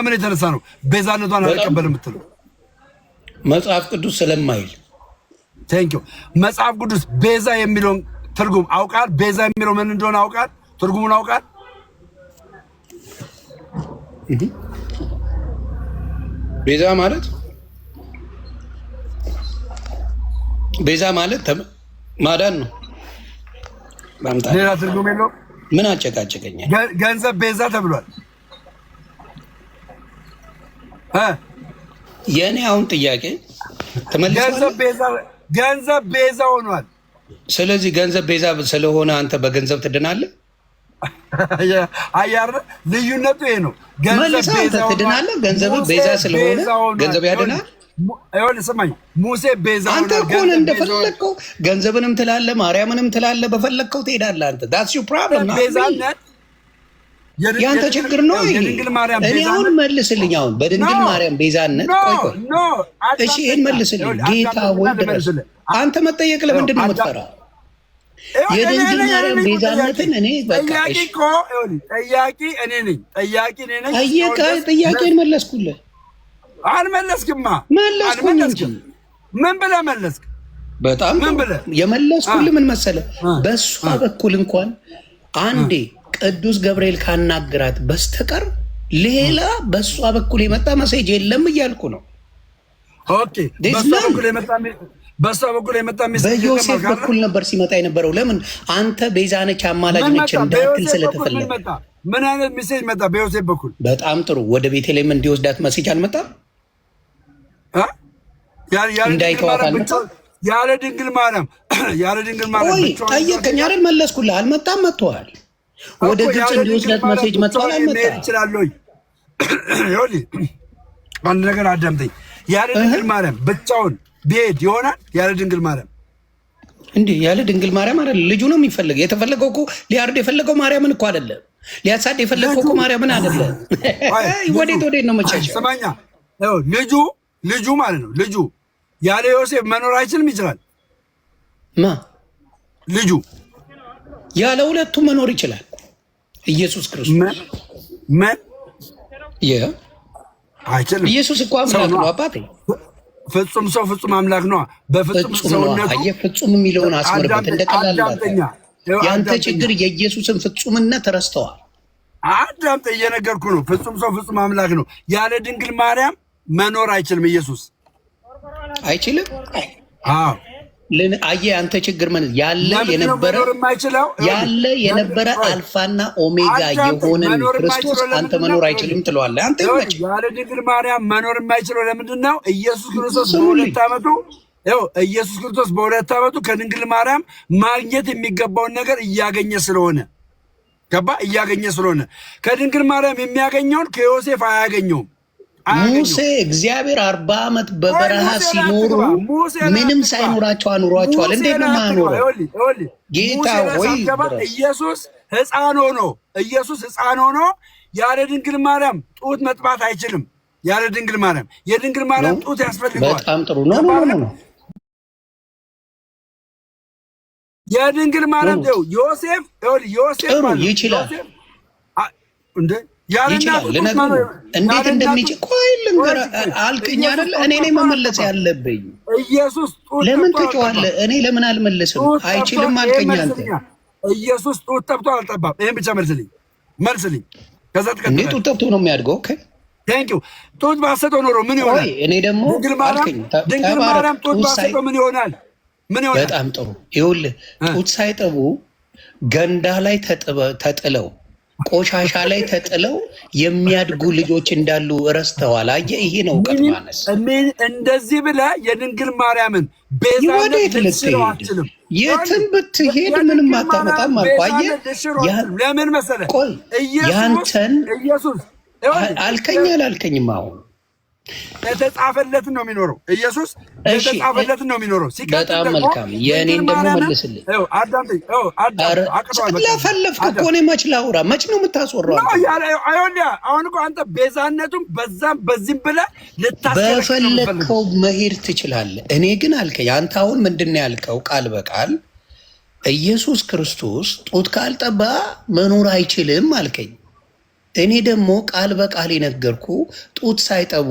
ከምን የተነሳ ነው ቤዛነቷን አልቀበልም የምትለው? መጽሐፍ ቅዱስ ስለማይል ቴንክ ዩ። መጽሐፍ ቅዱስ ቤዛ የሚለውን ትርጉም አውቃል። ቤዛ የሚለው ምን እንደሆነ አውቃል። ትርጉሙን አውቃል። ቤዛ ማለት ቤዛ ማለት ማዳን ነው። ሌላ ትርጉም የለውም። ምን አጨቃጨቀኛል? ገንዘብ ቤዛ ተብሏል። የእኔ አሁን ጥያቄ ገንዘብ ቤዛ ሆኗል። ስለዚህ ገንዘብ ቤዛ ስለሆነ አንተ በገንዘብ ትድናለህ። አያር ልዩነቱ ይሄ ነው። ገንዘብ ትድናለህ። ገንዘብ ቤዛ ስለሆነ ገንዘብ ያድናል። ይኸውልህ ስማኝ፣ ሙሴ ቤዛ አንተ እኮ እንደፈለግከው ገንዘብንም ትላለህ፣ ማርያምንም ትላለህ፣ በፈለግከው ትሄዳለህ። አንተ ዳትስ ዩ ፕሮብለም ቤዛነት ያንተ ችግር ነው። ይሄ። እኔ አሁን መልስልኝ። አሁን በድንግል ማርያም ቤዛነት እሺ፣ ይህን መልስልኝ። ጌታ ወይ ድረስ አንተ መጠየቅ ለምንድን ነው የምትፈራ? የድንግል ማርያም ቤዛነትን እኔ በቃ ጠያቂ እኔ ነኝ። ጠያቂ እኔ ነኝ። ጥያቄን መለስኩልህ። አልመለስክማ። መለስኩኝ እንጂ ምን ብለህ መለስክ? በጣም ምን የመለስኩልህ ምን መሰለህ፣ በእሷ በኩል እንኳን አንዴ ቅዱስ ገብርኤል ካናግራት በስተቀር ሌላ በእሷ በኩል የመጣ መሴጅ የለም እያልኩ ነው። በእሷ በኩል የመጣ በዮሴፍ በኩል ነበር ሲመጣ የነበረው። ለምን አንተ ቤዛነች አማላጅ ነች እንዳትል ስለተፈለገ ምን አይነት ሜሴጅ መጣ በዮሴፍ በኩል? በጣም ጥሩ። ወደ ቤተልሔም እንዲወስዳት መሴጅ አልመጣም። እንዳይተዋት አልመጣም። ያለ ድንግል ማርያም ያለ ድንግል ማርያም ጠየቀኝ አይደል? መለስኩልህ። አልመጣም። መጥተዋል ወደ ግብጽ እንዲወስዳት መሴጅ መጥቷል። መሄድ እችላለሁ። አንድ ነገር አዳምጠኝ። ያለ ድንግል ማርያም ብቻውን ቢሄድ ይሆናል? ያለ ድንግል ማርያም እንዲህ ያለ ድንግል ማርያም አይደለ ልጁ ነው የሚፈልገው። የተፈለገው እኮ ሊያርድ የፈለገው ማርያምን እኮ አይደለ፣ ሊያሳድ የፈለገው እኮ ማርያምን አይደለ። ወዴት ወዴት ነው መቻቸው? ስማኛ ልጁ ልጁ ማለት ነው ልጁ ያለ ዮሴፍ መኖር አይችልም። ይችላል ማ ልጁ ያለ ሁለቱ መኖር ይችላል ኢየሱስ ክርስቶስ ምን አይችልም። ኢየሱስ እኮ አምላክ ነው አባቴ። ፍጹም ሰው ፍጹም አምላክ ነው። በፍጹም ሰውነቱ ፍጹም የሚለውን አስመርበት። እንደቀላልኛ የአንተ ችግር የኢየሱስን ፍጹምነት ረስተዋል። አዳምጠ እየነገርኩ ነው። ፍጹም ሰው ፍጹም አምላክ ነው። ያለ ድንግል ማርያም መኖር አይችልም። ኢየሱስ አይችልም። አዎ አየህ አንተ ችግር ምን ያለ የነበረ ያለ የነበረ አልፋና ኦሜጋ የሆነን ክርስቶስ አንተ መኖር አይችልም ትለዋለህ። አንተ ይመጭ ያለ ድንግል ማርያም መኖር የማይችለው ለምንድን ነው? ኢየሱስ ክርስቶስ በሁለት ዓመቱ ይኸው ኢየሱስ ክርስቶስ በሁለት ዓመቱ ከድንግል ማርያም ማግኘት የሚገባውን ነገር እያገኘ ስለሆነ ገባ እያገኘ ስለሆነ ከድንግል ማርያም የሚያገኘውን ከዮሴፍ አያገኘውም። ሙሴ እግዚአብሔር አርባ ዓመት በበረሃ ሲኖሩ ምንም ሳይኖራቸው አኑሯቸዋል። እንዴት ነው ማኖረ ጌታ ወይ ኢየሱስ ህፃን ሆኖ ኢየሱስ ህፃን ሆኖ ያለ ድንግል ማርያም ጡት መጥባት አይችልም። ያለ ድንግል ማርያም የድንግል ማርያም ጡት ያስፈልገዋል። በጣም ጥሩ ነው። ነው ነው የድንግል ማርያም ዮሴፍ ዮሴፍ ይችላል እንዴ ይችላል እንዴት እንደሚችል ቆይ አይደለ? እኔ ነኝ መመለስ ያለብኝ። ለምን ትጮዋለህ? እኔ ለምን አልመለስም? አይችልም አንተ። ኢየሱስ ጡት ጠብቶ አልጠባም። ብቻ መልስልኝ፣ መልስልኝ። ጡት ጠብቶ ነው የሚያድገው። ጡት ባሰጠው ኖሮ ምን ይሆናል? እኔ ደግሞ ድንግል ማርያም ጡት ባሰጠው ምን ይሆናል? ምን ይሆናል? በጣም ጥሩ። ይኸውልህ ጡት ሳይጠቡ ገንዳ ላይ ተጥለው ቆሻሻ ላይ ተጥለው የሚያድጉ ልጆች እንዳሉ ረስተዋል። አየህ፣ ይሄ ነው እውቀት እንደዚህ ብለ የድንግል ማርያምን ቤዛነት የትም ብትሄድ ምንም አታመጣም አልኳየ ለምን መሰለ ያንተን አልከኝ አላልከኝም አሁን የተጻፈለትን ነው የሚኖረው። ኢየሱስ የተጻፈለትን ነው የሚኖረው። መልካም። የእኔን ደግሞ መልስልኝ። እኮ እኔ መች ላውራ? መች ነው የምታስወራው? አሁን እኮ አንተ ቤዛነቱን በዛም በዚህም ብለህ መሄድ ትችላለህ። እኔ ግን አልከኝ። አንተ አሁን ምንድን ነው ያልከው? ቃል በቃል ኢየሱስ ክርስቶስ ጡት ካልጠባ መኖር አይችልም አልከኝ። እኔ ደግሞ ቃል በቃል የነገርኩ ጡት ሳይጠቡ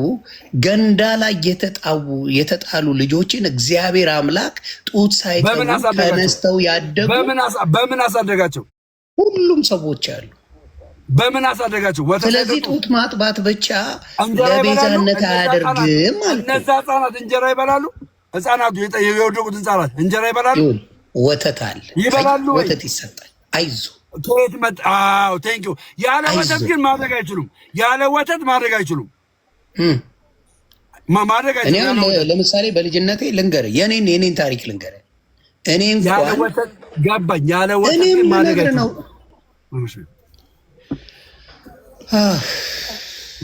ገንዳ ላይ የተጣቡ የተጣሉ ልጆችን እግዚአብሔር አምላክ ጡት ሳይጠቡ ተነስተው ያደጉ በምን አሳደጋቸው? ሁሉም ሰዎች አሉ። በምን አሳደጋቸው? ስለዚህ ጡት ማጥባት ብቻ ለቤዛነት አያደርግም። እነዛ ህጻናት እንጀራ ይበላሉ። ህጻናቱ የወደቁት ህጻናት እንጀራ ይበላሉ። ወተት አለ፣ ይበላሉ። ወተት ይሰጣል። አይዞህ ከየት ያለ ወተት ግን ማድረግ አይችሉም። ያለ ወተት ማድረግ አይችሉም። ማድረግ አይችሉም። ለምሳሌ በልጅነቴ ልንገርህ፣ የኔን የኔን ታሪክ እኔ ገባኝ። ያለ ወተት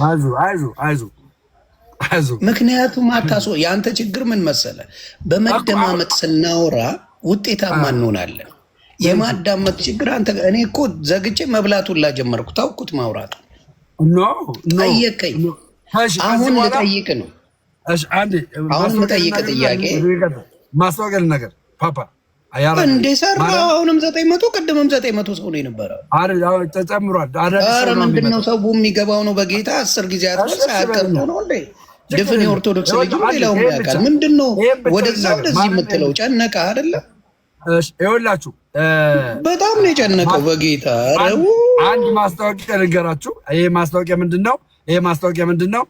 ማድረግ ምክንያቱም አታስወ የአንተ ችግር ምን መሰለ በመደማመጥ ስናወራ ውጤታማ እንሆናለን። የማዳመጥ ችግር አንተ። እኔ እኮ ዘግቼ መብላቱን ላጀመርኩ ታውኩት ማውራት ጠየቀኝ። አሁን ልጠይቅ ነው። አሁን የምጠይቅ ጥያቄ ማስታወቂያ ልነገር ፓፓ እንዴ ሰራ። አሁንም ዘጠኝ መቶ ቅድምም ዘጠኝ መቶ ሰው ነው የነበረ። ተጨምሯል። ኧረ ምንድን ነው ሰው የሚገባው ነው። በጌታ አስር ጊዜ ሳያቀር ነው እንዴ ድፍን የኦርቶዶክስ ልጅ ሌላውም ያውቃል። ምንድን ነው ወደዛ ወደዚህ የምትለው ጨነቀ አደለም? ይኸውላችሁ በጣም ነው የጨነቀው። በጌታ አንድ ማስታወቂያ ነገራችሁ። ይሄ ማስታወቂያ ምንድን ነው? ይሄ ማስታወቂያ ምንድን ነው?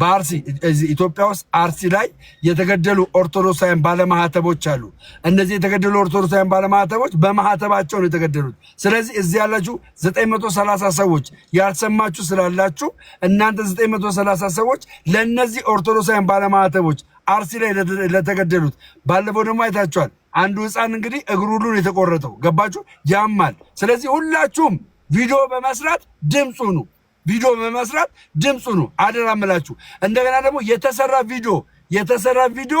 በአርሲ ኢትዮጵያ ውስጥ አርሲ ላይ የተገደሉ ኦርቶዶክሳውያን ባለማህተቦች አሉ። እነዚህ የተገደሉ ኦርቶዶክሳውያን ባለማህተቦች በማህተባቸው ነው የተገደሉት። ስለዚህ እዚህ ያላችሁ 930 ሰዎች ያልሰማችሁ ስላላችሁ እናንተ 930 ሰዎች ለእነዚህ ኦርቶዶክሳውያን ባለማህተቦች አርሲ ላይ ለተገደሉት ባለፈው ደግሞ አይታችኋል አንዱ ህፃን እንግዲህ እግሩ ሁሉ ነው የተቆረጠው። ገባችሁ? ያማል። ስለዚህ ሁላችሁም ቪዲዮ በመስራት ድምፁ ሁኑ። ቪዲዮ በመስራት ድምፅ አደራ አደራምላችሁ። እንደገና ደግሞ የተሰራ ቪዲዮ የተሰራ ቪዲዮ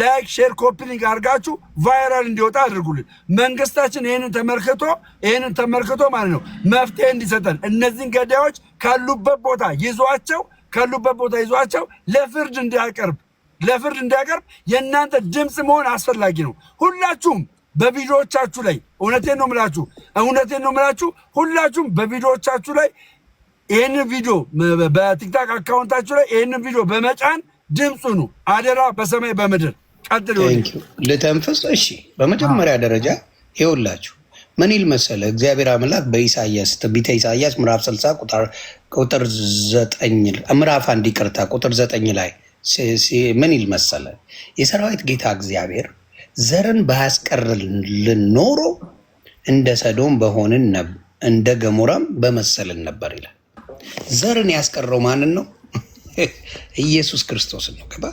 ላይክ፣ ሼር፣ ኮፒሊንግ አድርጋችሁ ቫይራል እንዲወጣ አድርጉልን። መንግስታችን ይህንን ተመልክቶ ይህንን ተመልክቶ ማለት ነው መፍትሄ እንዲሰጠን እነዚህን ገዳዮች ካሉበት ቦታ ይዟቸው ካሉበት ቦታ ይዟቸው ለፍርድ እንዲያቀርብ ለፍርድ እንዲያቀርብ የእናንተ ድምፅ መሆን አስፈላጊ ነው። ሁላችሁም በቪዲዮዎቻችሁ ላይ እውነቴን ነው ምላችሁ እውነቴን ነው ምላችሁ ሁላችሁም በቪዲዮዎቻችሁ ላይ ይህንን ቪዲዮ በቲክታክ አካውንታችሁ ላይ ይህንን ቪዲዮ በመጫን ድምፁ ነው አደራ፣ በሰማይ በምድር ቀጥል። ልተንፍስ። እሺ፣ በመጀመሪያ ደረጃ ይኸውላችሁ ምን ይል መሰለ እግዚአብሔር አምላክ በኢሳያስ ትንቢተ ኢሳያስ ምዕራፍ ስልሳ ቁጥር ዘጠኝ ምዕራፍ አንድ ይቅርታ ቁጥር ዘጠኝ ላይ ምን ይል መሰለ የሰራዊት ጌታ እግዚአብሔር ዘርን ባያስቀርልን ኖሮ እንደ ሰዶም በሆንን እንደ ገሞራም በመሰልን ነበር ይላል። ዘርን ያስቀረው ማንን ነው? ኢየሱስ ክርስቶስን ነው። ገባ?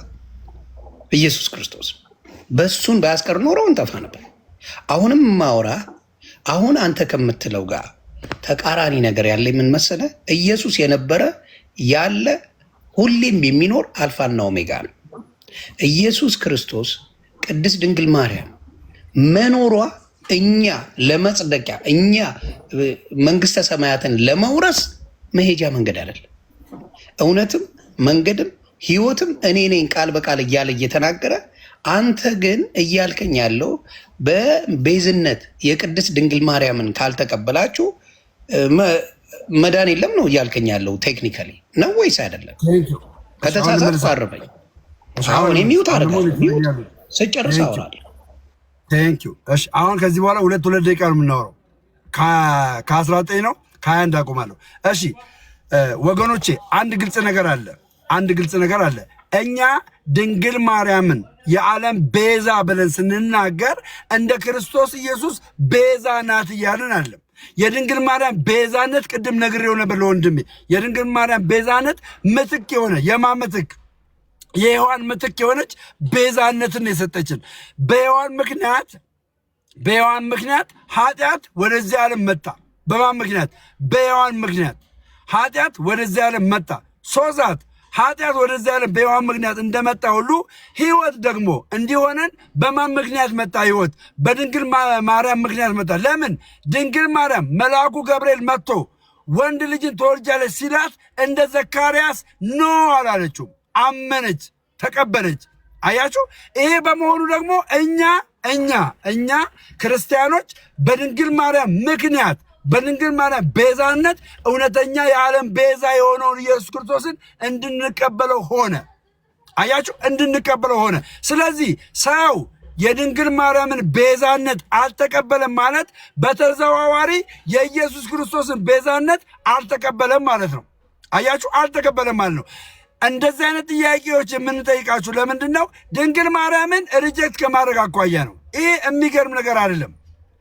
ኢየሱስ ክርስቶስ በሱን ባያስቀር ኖሮ እንጠፋ ነበር። አሁንም ማውራ አሁን አንተ ከምትለው ጋር ተቃራኒ ነገር ያለ የምን መሰለ ኢየሱስ የነበረ ያለ ሁሌም የሚኖር አልፋና ኦሜጋ ነው። ኢየሱስ ክርስቶስ ቅድስት ድንግል ማርያም መኖሯ እኛ ለመጽደቂያ እኛ መንግስተ ሰማያትን ለመውረስ መሄጃ መንገድ አይደለም። እውነትም መንገድም ህይወትም እኔ ነኝ ቃል በቃል እያለ እየተናገረ አንተ ግን እያልከኝ ያለው በቤዝነት የቅድስት ድንግል ማርያምን ካልተቀበላችሁ መዳን የለም ነው እያልከኝ ያለው ቴክኒካሊ ነው ወይስ አይደለም? ከተሳሳትኩ አርመኝ። አሁን የሚውት አደርጋለሁ ስጨርስ አወራለሁ። አሁን ከዚህ በኋላ ሁለት ሁለት ደቂቃ ነው የምናወራው። ከአስራ ዘጠኝ ነው ከሀያ አንድ አቆማለሁ። እሺ ወገኖቼ አንድ ግልጽ ነገር አለ፣ አንድ ግልጽ ነገር አለ። እኛ ድንግል ማርያምን የዓለም ቤዛ ብለን ስንናገር እንደ ክርስቶስ ኢየሱስ ቤዛ ናት እያልን አለም የድንግል ማርያም ቤዛነት ቅድም ነግሬው ነበር ለወንድሜ። የድንግል ማርያም ቤዛነት ምትክ የሆነ የማ ምትክ የሔዋን ምትክ የሆነች ቤዛነትን የሰጠችን በሔዋን ምክንያት በሔዋን ምክንያት ኃጢአት ወደዚህ ዓለም መጣ። በማን ምክንያት? በሔዋን ምክንያት ኃጢአት ወደዚህ ዓለም መጣ። ሶዛት ኃጢአት ወደዚህ ዓለም በሔዋን ምክንያት እንደመጣ ሁሉ ህይወት ደግሞ እንዲሆነን በማን ምክንያት መጣ? ህይወት በድንግል ማርያም ምክንያት መጣ። ለምን ድንግል ማርያም መልአኩ ገብርኤል መጥቶ ወንድ ልጅን ትወልጃለች ሲላት እንደ ዘካርያስ ኖ አላለችው፣ አመነች፣ ተቀበለች። አያችሁ? ይሄ በመሆኑ ደግሞ እኛ እኛ እኛ ክርስቲያኖች በድንግል ማርያም ምክንያት በድንግል ማርያም ቤዛነት እውነተኛ የዓለም ቤዛ የሆነውን ኢየሱስ ክርስቶስን እንድንቀበለው ሆነ። አያችሁ፣ እንድንቀበለው ሆነ። ስለዚህ ሰው የድንግል ማርያምን ቤዛነት አልተቀበለም ማለት በተዘዋዋሪ የኢየሱስ ክርስቶስን ቤዛነት አልተቀበለም ማለት ነው። አያችሁ፣ አልተቀበለም ማለት ነው። እንደዚህ አይነት ጥያቄዎች የምንጠይቃችሁ ለምንድን ነው? ድንግል ማርያምን ሪጀክት ከማድረግ አኳያ ነው። ይህ የሚገርም ነገር አይደለም።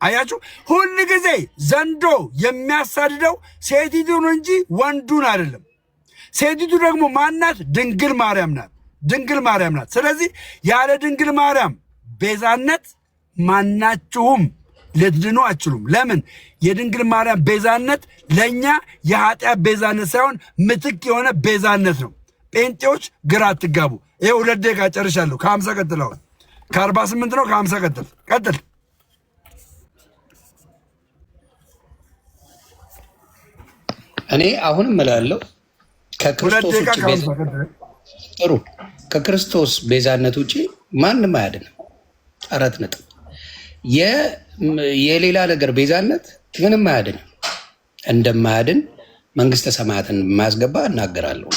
አያችሁ፣ ሁል ጊዜ ዘንዶ የሚያሳድደው ሴቲቱን እንጂ ወንዱን አይደለም። ሴቲቱ ደግሞ ማናት? ድንግል ማርያም ናት። ድንግል ማርያም ናት። ስለዚህ ያለ ድንግል ማርያም ቤዛነት ማናችሁም ልትድኑ አችሉም። ለምን? የድንግል ማርያም ቤዛነት ለእኛ የኃጢአት ቤዛነት ሳይሆን ምትክ የሆነ ቤዛነት ነው። ጴንጤዎች ግራ አትጋቡ። ይህ ሁለት ደቂቃ ጨርሻለሁ። ከሀምሳ ቀጥል ከአርባ ስምንት ነው ከሀምሳ ቀጥል ቀጥል እኔ አሁንም እላለሁ ከክርስቶስ ውጭ ጥሩ ከክርስቶስ ቤዛነት ውጭ ማንም አያድንም። አራት ነጥብ። የሌላ ነገር ቤዛነት ምንም አያድንም። እንደማያድን መንግስተ ሰማያትን የማያስገባ እናገራለሁ።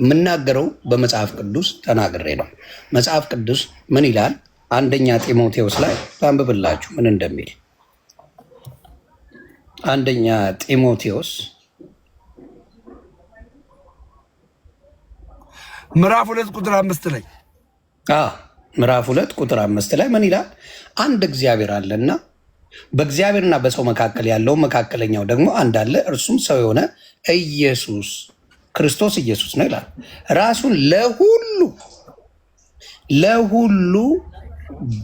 የምናገረው በመጽሐፍ ቅዱስ ተናግሬ ነው። መጽሐፍ ቅዱስ ምን ይላል? አንደኛ ጢሞቴዎስ ላይ ታንብብላችሁ ምን እንደሚል አንደኛ ጢሞቴዎስ ምዕራፍ ሁለት ቁጥር አምስት ላይ ምዕራፍ ሁለት ቁጥር አምስት ላይ ምን ይላል? አንድ እግዚአብሔር አለና በእግዚአብሔርና በሰው መካከል ያለው መካከለኛው ደግሞ አንድ አለ፣ እርሱም ሰው የሆነ ኢየሱስ ክርስቶስ ኢየሱስ ነው ይላል። ራሱን ለሁሉ ለሁሉ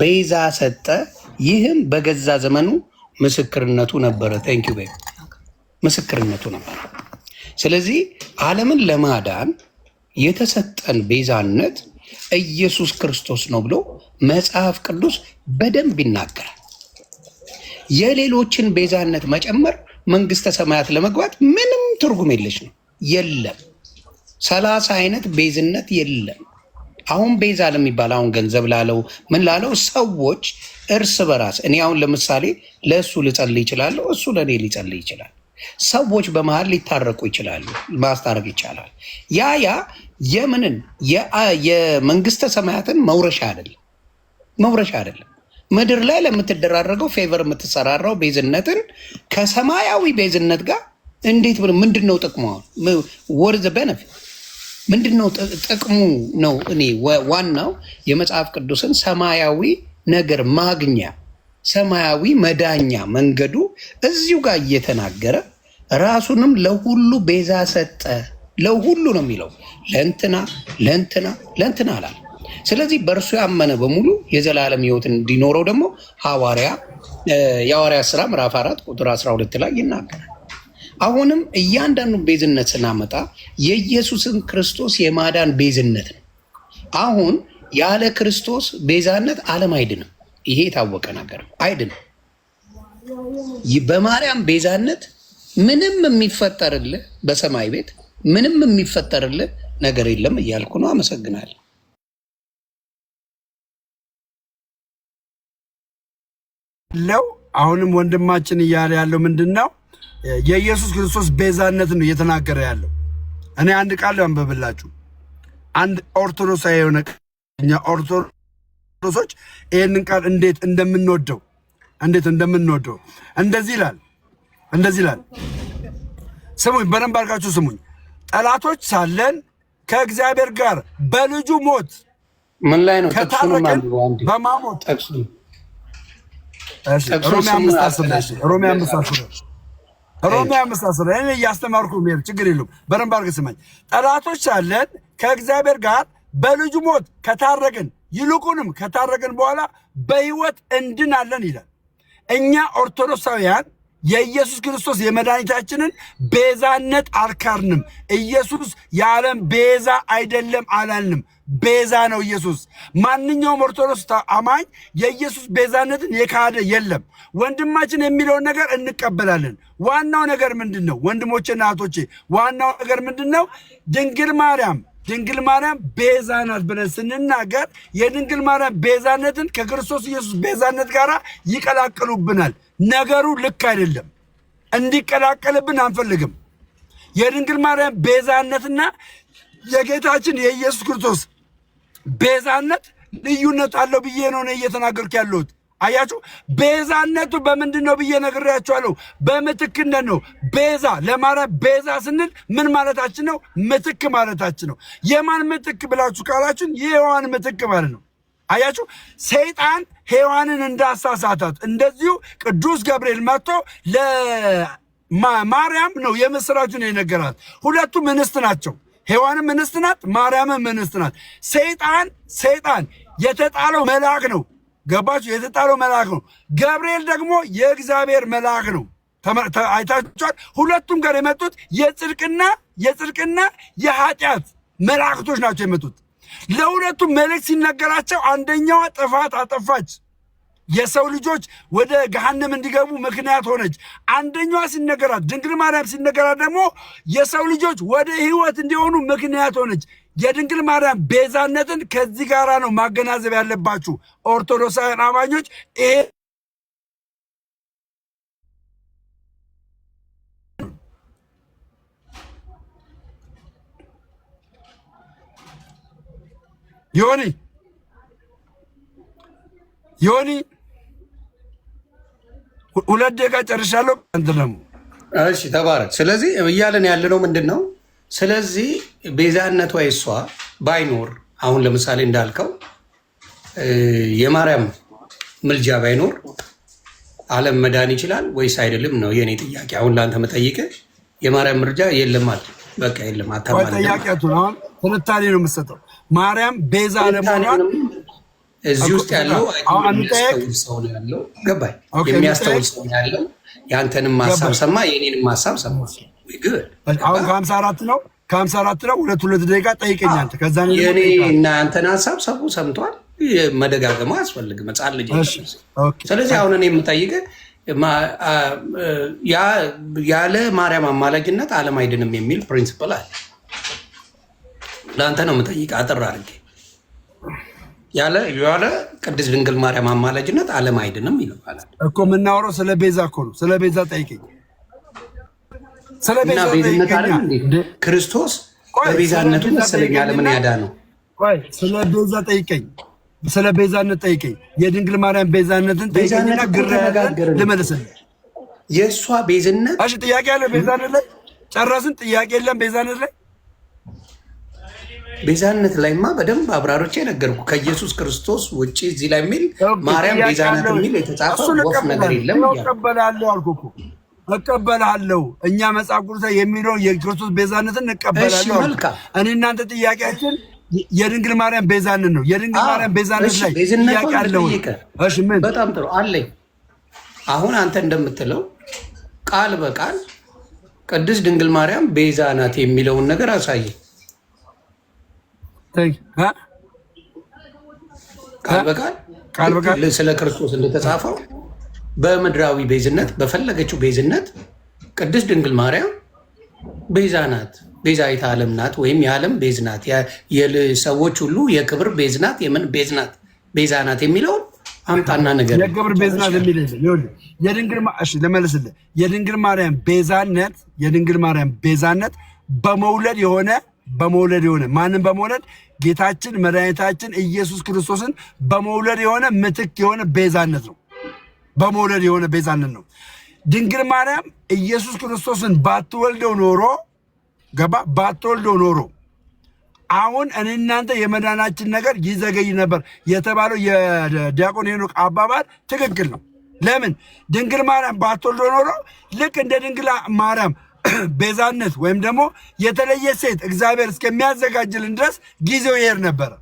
ቤዛ ሰጠ፣ ይህም በገዛ ዘመኑ ምስክርነቱ ነበረ። ምስክርነቱ ነበረ። ስለዚህ ዓለምን ለማዳን የተሰጠን ቤዛነት ኢየሱስ ክርስቶስ ነው ብሎ መጽሐፍ ቅዱስ በደንብ ይናገራል። የሌሎችን ቤዛነት መጨመር መንግስተ ሰማያት ለመግባት ምንም ትርጉም የለች ነው። የለም ሰላሳ አይነት ቤዝነት የለም። አሁን ቤዛ ለሚባል አሁን ገንዘብ ላለው ምን ላለው ሰዎች እርስ በራስ እኔ አሁን ለምሳሌ ለእሱ ልጸልይ ይችላለሁ፣ እሱ ለእኔ ሊጸልይ ይችላል። ሰዎች በመሀል ሊታረቁ ይችላሉ፣ ማስታረቅ ይቻላል። ያ ያ የምንን የመንግስተ ሰማያትን መውረሻ አይደለም፣ መውረሻ አይደለም። ምድር ላይ ለምትደራረገው ፌቨር የምትሰራራው ቤዝነትን ከሰማያዊ ቤዝነት ጋር እንዴት ብ ምንድን ነው ጥቅሙ? ወር ምንድን ነው ጥቅሙ? ነው እኔ ዋናው የመጽሐፍ ቅዱስን ሰማያዊ ነገር ማግኛ ሰማያዊ መዳኛ መንገዱ እዚሁ ጋር እየተናገረ ራሱንም ለሁሉ ቤዛ ሰጠ። ለሁሉ ነው የሚለው ለእንትና ለእንትና ለእንትና አላል። ስለዚህ በእርሱ ያመነ በሙሉ የዘላለም ህይወት እንዲኖረው ደግሞ ሐዋርያ የሐዋርያ ስራ ምዕራፍ አራት ቁጥር 12 ላይ ይናገራል። አሁንም እያንዳንዱ ቤዝነት ስናመጣ የኢየሱስን ክርስቶስ የማዳን ቤዝነት ነው። አሁን ያለ ክርስቶስ ቤዛነት ዓለም አይድንም። ይሄ የታወቀ ነገር አይድንም። በማርያም ቤዛነት ምንም የሚፈጠርልህ በሰማይ ቤት ምንም የሚፈጠርልህ ነገር የለም እያልኩ ነው። አመሰግናለሁ። ለው አሁንም ወንድማችን እያለ ያለው ምንድን ነው? የኢየሱስ ክርስቶስ ቤዛነትን ነው እየተናገረ ያለው። እኔ አንድ ቃል አንብብላችሁ፣ አንድ ኦርቶዶክሳዊ የሆነ እኛ ኦርቶዶክሶች ይህንን ቃል እንዴት እንደምንወደው እንዴት እንደምንወደው እንደዚህ ይላል እንደዚህ ይላል። ስሙኝ፣ በደንብ አድርጋችሁ ስሙኝ። ጠላቶች ሳለን ከእግዚአብሔር ጋር በልጁ ሞት ምን ላይ ነው ከታረቀን በማሞት ሮሜ ሮሜ አምስት አስር እኔ እያስተማርኩ ሄድ ችግር የለውም። በደንብ አድርገህ ስማኝ። ጠላቶች ሳለን ከእግዚአብሔር ጋር በልጁ ሞት ከታረቅን ይልቁንም ከታረቅን በኋላ በሕይወት እንድናለን ይላል። እኛ ኦርቶዶክሳውያን የኢየሱስ ክርስቶስ የመድኃኒታችንን ቤዛነት አልካርንም። ኢየሱስ የዓለም ቤዛ አይደለም አላልንም። ቤዛ ነው ኢየሱስ። ማንኛውም ኦርቶዶክስ አማኝ የኢየሱስ ቤዛነትን የካደ የለም። ወንድማችን የሚለውን ነገር እንቀበላለን። ዋናው ነገር ምንድን ነው? ወንድሞቼና እህቶቼ ዋናው ነገር ምንድን ነው? ድንግል ማርያም ድንግል ማርያም ቤዛ ናት ብለን ስንናገር የድንግል ማርያም ቤዛነትን ከክርስቶስ ኢየሱስ ቤዛነት ጋር ይቀላቅሉብናል። ነገሩ ልክ አይደለም። እንዲቀላቀልብን አንፈልግም። የድንግል ማርያም ቤዛነትና የጌታችን የኢየሱስ ክርስቶስ ቤዛነት ልዩነት አለው ብዬ ነው እየተናገርኩ ያለሁት። አያችሁ፣ ቤዛነቱ በምንድን ነው ብዬ ነግሬያችኋለሁ። በምትክነት ነው። ቤዛ ለማርያም ቤዛ ስንል ምን ማለታችን ነው? ምትክ ማለታችን ነው። የማን ምትክ ብላችሁ ቃላችን የሔዋን ምትክ ማለት ነው። አያችሁ፣ ሰይጣን ሔዋንን እንዳሳሳታት እንደዚሁ ቅዱስ ገብርኤል መጥቶ ለማርያም ነው የምስራችን የነገራት። ሁለቱም እንስት ናቸው። ሔዋንም እንስት ናት፣ ማርያምም እንስት ናት። ሰይጣን ሰይጣን የተጣለው መልአክ ነው። ገባችሁ? የተጣለው መልአክ ነው። ገብርኤል ደግሞ የእግዚአብሔር መልአክ ነው። አይታችኋል። ሁለቱም ጋር የመጡት የጽድቅና የጽድቅና የኃጢአት መላእክቶች ናቸው የመጡት። ለሁለቱም መልእክት ሲነገራቸው አንደኛዋ ጥፋት አጠፋች፣ የሰው ልጆች ወደ ገሃነም እንዲገቡ ምክንያት ሆነች። አንደኛዋ ሲነገራት ድንግል ማርያም ሲነገራት ደግሞ የሰው ልጆች ወደ ህይወት እንዲሆኑ ምክንያት ሆነች። የድንግል ማርያም ቤዛነትን ከዚህ ጋራ ነው ማገናዘብ ያለባችሁ ኦርቶዶክሳውያን አማኞች። ይሄ ዮኒ ዮኒ ሁለት ደቂቃ ጨርሻለሁ። ንትነሙ እሺ፣ ተባረክ። ስለዚህ እያለን ያለ ነው ምንድን ነው? ስለዚህ ቤዛነቷ የሷ ባይኖር አሁን ለምሳሌ እንዳልከው የማርያም ምልጃ ባይኖር ዓለም መዳን ይችላል ወይስ አይደለም ነው የእኔ ጥያቄ። አሁን ለአንተ መጠይቅ የማርያም ምልጃ የለም አለ በቃ የለም። አታማ ጥያቄቱ ነው። ትንታኔ ነው የምሰጠው ማርያም ቤዛ ለመሆኗ እዚህ ውስጥ ያለው የሚያስተውል ሰው ነው ያለው። ገባኝ። የሚያስተውል ሰው ነው ያለው። የአንተንም ሀሳብ ሰማ፣ የኔንም ሀሳብ ሰማ። አሁን ከሀምሳ አራት ነው ከሀምሳ አራት ነው። ሁለት ሁለት ደቂቃ ጠይቀኛል። ከዛ የኔ እና አንተን ሀሳብ ሰቡ ሰምቷል። መደጋገሙ አያስፈልግም። መጽሐፍ ልጅ ስለዚህ አሁን እኔ የምጠይቅህ ያለ ማርያም አማላጅነት ዓለም አይድንም የሚል ፕሪንስፕል አለ። ለአንተ ነው የምጠይቅህ አጥር አድርጌ ያለ ያለ ቅድስት ድንግል ማርያም አማላጅነት ዓለም አይድንም ይባላል እኮ። የምናወራው ስለ ቤዛ እኮ ነው። ስለ ቤዛ ጠይቀኝ። ስለ ቤዛ ክርስቶስ በቤዛነቱ ስለኛ ለምን ያዳ ነው? ስለ ቤዛ ጠይቀኝ። ስለ ቤዛነት ጠይቀኝ። የድንግል ማርያም ቤዛነትን ጠይቀኝና ግራ ያለን ልመልስልህ። የእሷ ቤዝነት እሺ፣ ጥያቄ አለ ቤዛነት ላይ ጨረስን። ጥያቄ የለም ቤዛነት ላይ ቤዛነት ላይማ በደንብ አብራሮች የነገርኩ ከኢየሱስ ክርስቶስ ውጭ እዚህ ላይ የሚል ማርያም ቤዛነት የሚል የተጻፈ ወፍ ነገር የለም። እቀበላለሁ አልኩህ እኮ እቀበላለሁ። እኛ መጽሐፍ ቅዱስ የሚለው የክርስቶስ ቤዛነትን እቀበላለሁ። እኔ እናንተ ጥያቄያችን የድንግል ማርያም ቤዛነት ነው። የድንግል ማርያም ቤዛነት ላይ ጥያቄ አለው። ምን በጣም ጥሩ አለኝ። አሁን አንተ እንደምትለው ቃል በቃል ቅድስት ድንግል ማርያም ቤዛ ናት የሚለውን ነገር አሳየኝ። ቃል በቃል ስለ ክርስቶስ እንደተጻፈው በምድራዊ ቤዝነት በፈለገችው ቤዝነት ቅድስት ድንግል ማርያም ቤዛ ናት። ቤዛዊት ዓለም ናት፣ ወይም የዓለም ቤዝ ናት። ሰዎች ሁሉ የክብር ቤዝ ናት። የምን ቤዝ ናት? ቤዛ ናት የሚለውን አምጣና ነገር የክብር ቤዝ ናት የሚል የድንግል ለመልስልህ የድንግል ማርያም ቤዛነት የድንግል ማርያም ቤዛነት በመውለድ የሆነ በመውለድ የሆነ ማንም በመውለድ ጌታችን መድኃኒታችን ኢየሱስ ክርስቶስን በመውለድ የሆነ ምትክ የሆነ ቤዛነት ነው። በመውለድ የሆነ ቤዛነት ነው። ድንግል ማርያም ኢየሱስ ክርስቶስን ባትወልደው ኖሮ ገባ ባትወልደው ኖሮ አሁን እኔ እናንተ የመዳናችን ነገር ይዘገይ ነበር የተባለው የዲያቆን ሄኖክ አባባል ትክክል ነው። ለምን ድንግል ማርያም ባትወልደው ኖሮ ልክ እንደ ድንግል ማርያም ቤዛነት ወይም ደግሞ የተለየ ሴት እግዚአብሔር እስከሚያዘጋጅልን ድረስ ጊዜው ይሄድ ነበረ።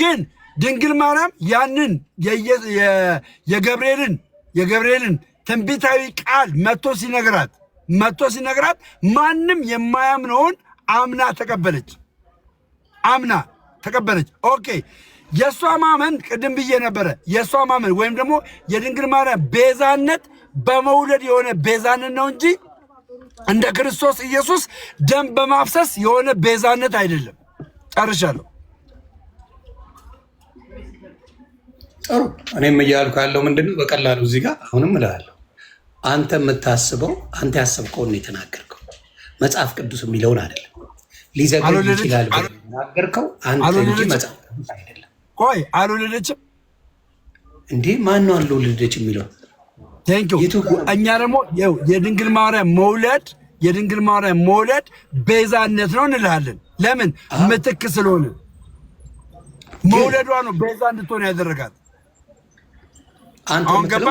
ግን ድንግል ማርያም ያንን የገብርኤልን የገብርኤልን ትንቢታዊ ቃል መጥቶ ሲነግራት መቶ ሲነግራት ማንም የማያምነውን አምና ተቀበለች። አምና ተቀበለች። ኦኬ የእሷ ማመን ቅድም ብዬ ነበረ። የእሷ ማመን ወይም ደግሞ የድንግል ማርያም ቤዛነት በመውለድ የሆነ ቤዛነት ነው እንጂ እንደ ክርስቶስ ኢየሱስ ደም በማፍሰስ የሆነ ቤዛነት አይደለም። ጨርሻለሁ። ጥሩ። እኔም እያልኩ ያለው ምንድነው በቀላሉ እዚህ ጋር አሁንም እላለሁ፣ አንተ የምታስበው አንተ ያሰብከውን የተናገርከው መጽሐፍ ቅዱስ የሚለውን አይደለም። ሊዘገይ ይችላል አንተ እንጂ መጽሐፍ ቅዱስ አይደለም። ቆይ አልወለደችም ማን ነው የሚለው ቴንክ ዩ። እኛ ደግሞ የድንግል ማርያም መውለድ የድንግል ማርያም መውለድ ቤዛነት ነው እንልሃለን። ለምን ምትክ ስለሆነ መውለዷ ነው ቤዛ እንድትሆን ያደረጋት። አሁን ገባ።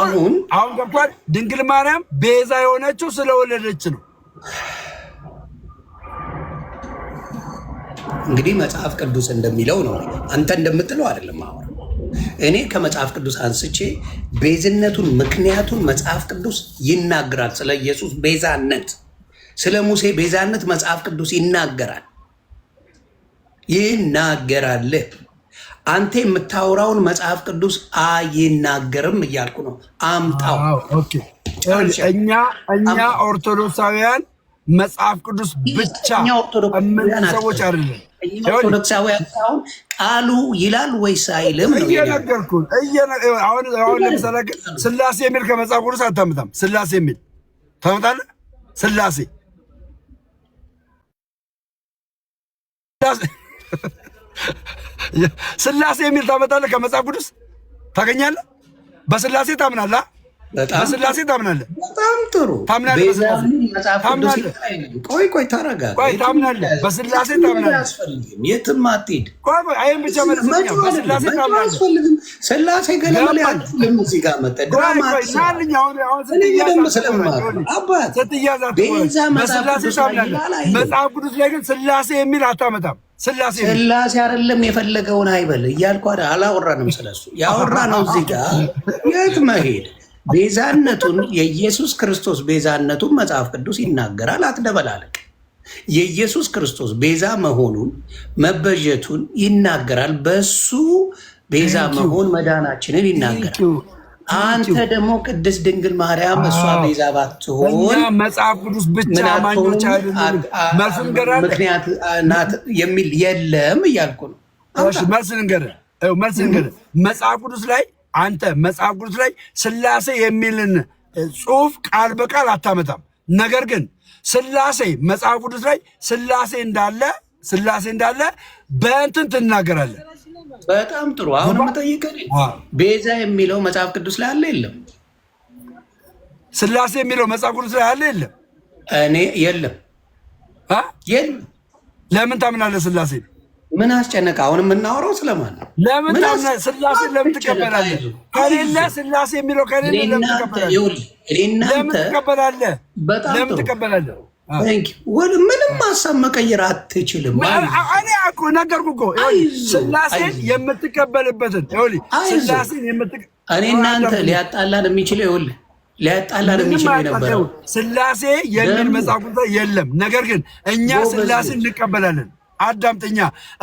አሁን አሁን ገብቷል። ድንግል ማርያም ቤዛ የሆነችው ስለወለደች ነው። እንግዲህ መጽሐፍ ቅዱስ እንደሚለው ነው፣ አንተ እንደምትለው አይደለም። አሁን እኔ ከመጽሐፍ ቅዱስ አንስቼ ቤዝነቱን ምክንያቱን መጽሐፍ ቅዱስ ይናገራል። ስለ ኢየሱስ ቤዛነት፣ ስለ ሙሴ ቤዛነት መጽሐፍ ቅዱስ ይናገራል ይናገራል። አንተ የምታወራውን መጽሐፍ ቅዱስ አይናገርም እያልኩ ነው። አምጣው። እኛ እኛ ኦርቶዶክሳውያን መጽሐፍ ቅዱስ ብቻ ሰዎች አይደለም ኦርቶዶክሳዊ አሁን ቃሉ ይላል ወይስ አይልም? እየነገርኩህ ለምሳሌ ስላሴ የሚል ከመጽሐፍ ቅዱስ አታምጣም። ስላሴ የሚል ታምጣለህ። ስላሴ ስላሴ የሚል ታመጣለህ ከመጽሐፍ ቅዱስ ታገኛለህ። በስላሴ ታምናለህ። በስላሴ ታምናለህ? በጣም ጥሩ ቆይ ቆይ ተረጋጋ። ታምናለህ? በስላሴ ታምናለህ? የትም አትሄድ። አይን ብቻ ስላሴ ድራማ መጽሐፍ ቅዱስ ላይ ግን ስላሴ የሚል አታመጣም። ስላሴ አይደለም የፈለገውን አይበል እያልኩ አላወራንም ስለሱ። ያወራነው እዚህ ጋር የት መሄድ ቤዛነቱን የኢየሱስ ክርስቶስ ቤዛነቱን መጽሐፍ ቅዱስ ይናገራል። አትደበላለቅ። የኢየሱስ ክርስቶስ ቤዛ መሆኑን መበጀቱን ይናገራል። በሱ ቤዛ መሆን መዳናችንን ይናገራል። አንተ ደግሞ ቅድስት ድንግል ማርያም እሷ ቤዛ ባትሆን መጽሐፍ ቅዱስ ብቻ ምክንያት ናት የሚል የለም እያልኩ ነው። መልስ ንገር፣ መልስ መጽሐፍ ቅዱስ ላይ አንተ መጽሐፍ ቅዱስ ላይ ስላሴ የሚልን ጽሑፍ ቃል በቃል አታመጣም። ነገር ግን ስላሴ መጽሐፍ ቅዱስ ላይ ስላሴ እንዳለ ስላሴ እንዳለ በእንትን ትናገራለህ። በጣም ጥሩ። አሁን የምጠይቀህ ቤዛ የሚለው መጽሐፍ ቅዱስ ላይ አለ የለም? ስላሴ የሚለው መጽሐፍ ቅዱስ ላይ አለ የለም? እኔ የለም የለም። ለምን ታምናለህ ስላሴ ምን አስጨነቀ? አሁን የምናወራው ስለማን ነው? ስላሴ ከሌለ ስላሴ የሚለው ከሌለ ምንም ሀሳብ መቀየር አትችልም። እኔ እኮ እኮ ስላሴን የምትቀበልበትን እኔ እናንተ ሊያጣላን የሚችለው ይኸውልህ ሊያጣላን የሚችለው የነበረው ስላሴ የሚል መጽሐፍ የለም። ነገር ግን እኛ ስላሴ እንቀበላለን አዳምጠኛ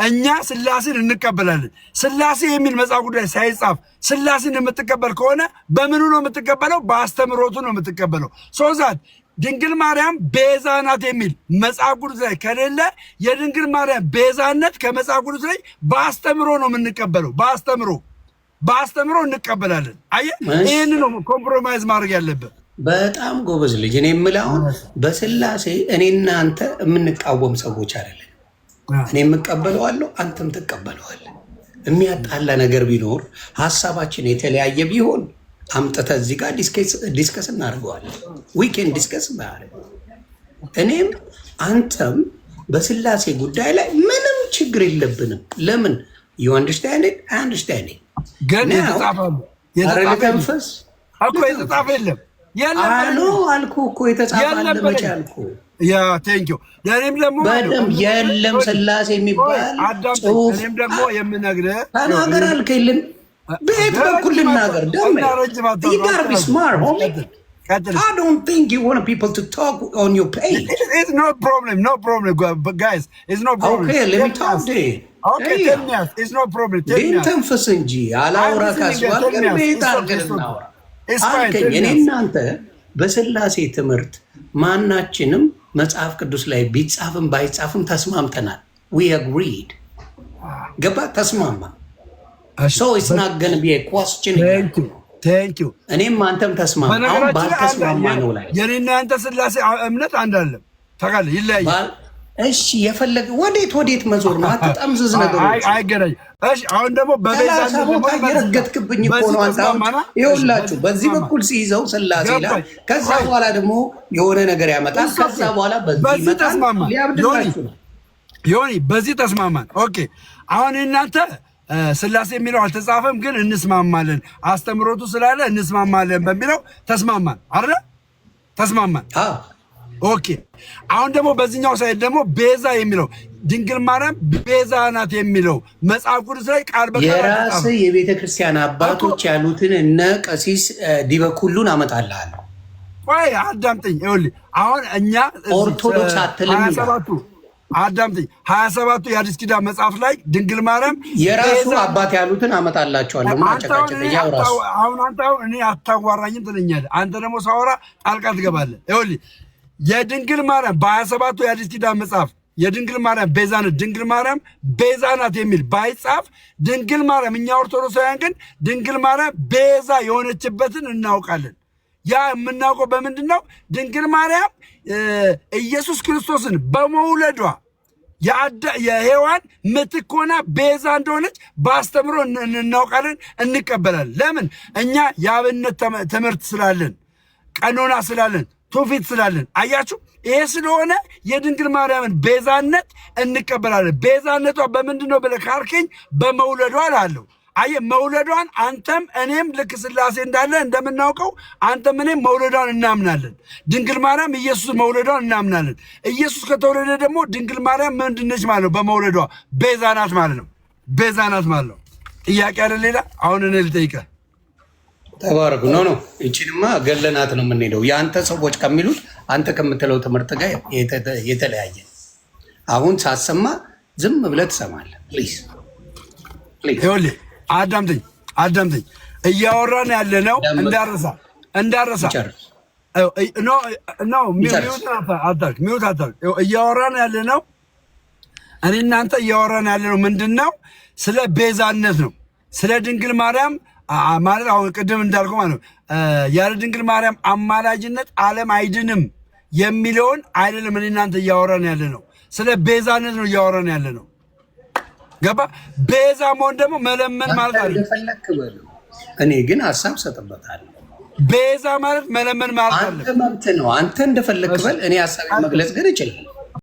እኛ ስላሴን እንቀበላለን። ስላሴ የሚል መጽሐፍ ጉዳይ ሳይጻፍ ስላሴን የምትቀበል ከሆነ በምኑ ነው የምትቀበለው? በአስተምሮቱ ነው የምትቀበለው። ሶዛት ድንግል ማርያም ቤዛ ናት የሚል መጽሐፍ ቅዱስ ላይ ከሌለ የድንግል ማርያም ቤዛነት ከመጽሐፍ ቅዱስ ላይ በአስተምሮ ነው የምንቀበለው። በአስተምሮ በአስተምሮ እንቀበላለን። አየህ፣ ይህን ነው ኮምፕሮማይዝ ማድረግ ያለብን። በጣም ጎበዝ ልጅ። እኔ የምልህ አሁን በስላሴ እኔና አንተ የምንቃወም ሰዎች አይደለን እኔ የምቀበለዋለሁ፣ አንተም ትቀበለዋለህ። የሚያጣላ ነገር ቢኖር ሀሳባችን የተለያየ ቢሆን አምጥተ እዚህ ጋር ዲስከስ እናደርገዋለን። ዊኬን ዲስከስ እናደርግ። እኔም አንተም በስላሴ ጉዳይ ላይ ምንም ችግር የለብንም። ለምን ዩ ግን የተጻፈ የለም አልኩ እኮ የተጻፈ አለ መቼ አልኩ ያ ቴንኪው የኔም ደግሞ በደምብ የለም ስላሴ የሚባል ጽሁፍ እኔም ደግሞ የምነግርህ ተናገር አልክልን ቤት በኩል ልናገር ደም you gotta be smart homie I don't think you want people to talk on your page. It's no problem, no problem, but guys, it's no problem. Okay, let me talk to you. Okay, tell me, it's no problem. Tell me. ተንፈስ እንጂ አላውራ ካስባል ግን ቤት አድርገን እናውራ አልከኝ። እኔ እናንተ በስላሴ ትምህርት ማናችንም መጽሐፍ ቅዱስ ላይ ቢጻፍም ባይጻፍም ተስማምተናል። ዊ አግሪድ ገባ ተስማማ። ሰው ስናገን ቢ ኳስችን እኔም አንተም ተስማማ። አሁን ባልተስማማ ነው ላይ የኔና አንተ ስላሴ እምነት አንድ አለም ታውቃለህ ይለያያል እሺ የፈለገ ወዴት ወዴት መዞር ነው። አትጠምዝዝ ነገሮች አይገናኝ። እሺ አሁን ደግሞ በቤዛ ቦታ የረገጥክብኝ እኮ ነው አንተ። ይኸውላችሁ በዚህ በኩል ሲይዘው ስላሴ ላ ከዛ በኋላ ደግሞ የሆነ ነገር ያመጣል። ከዛ በኋላ በዚህ ይመጣል። ሊያብድላችሁ ነው። ዮኒ በዚህ ተስማማን። ኦኬ አሁን እናንተ ስላሴ የሚለው አልተጻፈም፣ ግን እንስማማለን አስተምሮቱ ስላለ እንስማማለን በሚለው ተስማማን አይደል? ተስማማን ኦኬ አሁን ደግሞ በዚህኛው ሳይድ ደግሞ ቤዛ የሚለው ድንግል ማርያም ቤዛ ናት የሚለው መጽሐፍ ቅዱስ ላይ ቃል በቃል የራስ የቤተ ክርስቲያን አባቶች ያሉትን እነ ቀሲስ ዲበኩሉን አመጣልሃለሁ። ቆይ አዳምጠኝ። ይኸውልህ አሁን እኛ ኦርቶዶክስ አትልም። አዳምጠኝ። ሀያ ሰባቱ የአዲስ ኪዳን መጽሐፍ ላይ ድንግል ማርያም የራሱ አባት ያሉትን አመጣላቸዋለሁ። አሁን አንተ አሁን እኔ አታዋራኝም ትለኛለህ። አንተ ደግሞ ሳወራ ጣልቃ ትገባለህ። ይኸውልህ የድንግል ማርያም በሀያ ሰባቱ የአዲስ ኪዳን መጽሐፍ የድንግል ማርያም ቤዛነት ድንግል ማርያም ቤዛ ናት የሚል ባይጻፍ ድንግል ማርያም እኛ ኦርቶዶክሳውያን ግን ድንግል ማርያም ቤዛ የሆነችበትን እናውቃለን። ያ የምናውቀው በምንድን ነው? ድንግል ማርያም ኢየሱስ ክርስቶስን በመውለዷ የሔዋን ምትክ ሆና ቤዛ እንደሆነች በአስተምሮ እናውቃለን፣ እንቀበላለን። ለምን? እኛ የአብነት ትምህርት ስላለን፣ ቀኖና ስላለን ትውፊት ስላለን አያችሁ። ይሄ ስለሆነ የድንግል ማርያምን ቤዛነት እንቀበላለን። ቤዛነቷ በምንድን ነው ብለህ ካልከኝ በመውለዷ እላለሁ። አየ መውለዷን አንተም እኔም ልክ ስላሴ እንዳለ እንደምናውቀው አንተም እኔም መውለዷን እናምናለን። ድንግል ማርያም ኢየሱስ መውለዷን እናምናለን። ኢየሱስ ከተወለደ ደግሞ ድንግል ማርያም ምንድነች ማለት ነው? በመውለዷ ቤዛናት ማለት ነው። ቤዛናት ማለት ነው። ጥያቄ አለ ሌላ? አሁን እኔ ልጠይቀህ ተባረኩ። ኖ ኖ ይቺንማ ገለናት ነው የምንሄደው። የአንተ ሰዎች ከሚሉት አንተ ከምትለው ትምህርት ጋር የተለያየ አሁን ሳሰማ ዝም ብለህ ትሰማለህ። ፕሊዝ ይኸውልህ፣ አዳምጠኝ አዳምጠኝ። እያወራን ያለ ነው እንዳረሳ እንዳረሳ ሚውት አታርግ። እያወራን ያለ ነው እኔ እናንተ እያወራን ያለ ነው ምንድን ነው? ስለ ቤዛነት ነው ስለ ድንግል ማርያም ማለት አሁን ቅድም እንዳልኩ ማለት ነው ያለ ድንግል ማርያም አማላጅነት ዓለም አይድንም የሚለውን አይደለም እናንተ እያወራን ያለ ነው። ስለ ቤዛነት ነው እያወራን ያለ ነው። ገባ? ቤዛ መሆን ደግሞ መለመን ማለት አለ። እኔ ግን ሀሳብ ሰጥበታለሁ። ቤዛ ማለት መለመን ማለት አለ። አንተ መብት ነው። አንተ እንደፈለክበል እኔ ሀሳብ መግለጽ ግን እችላለሁ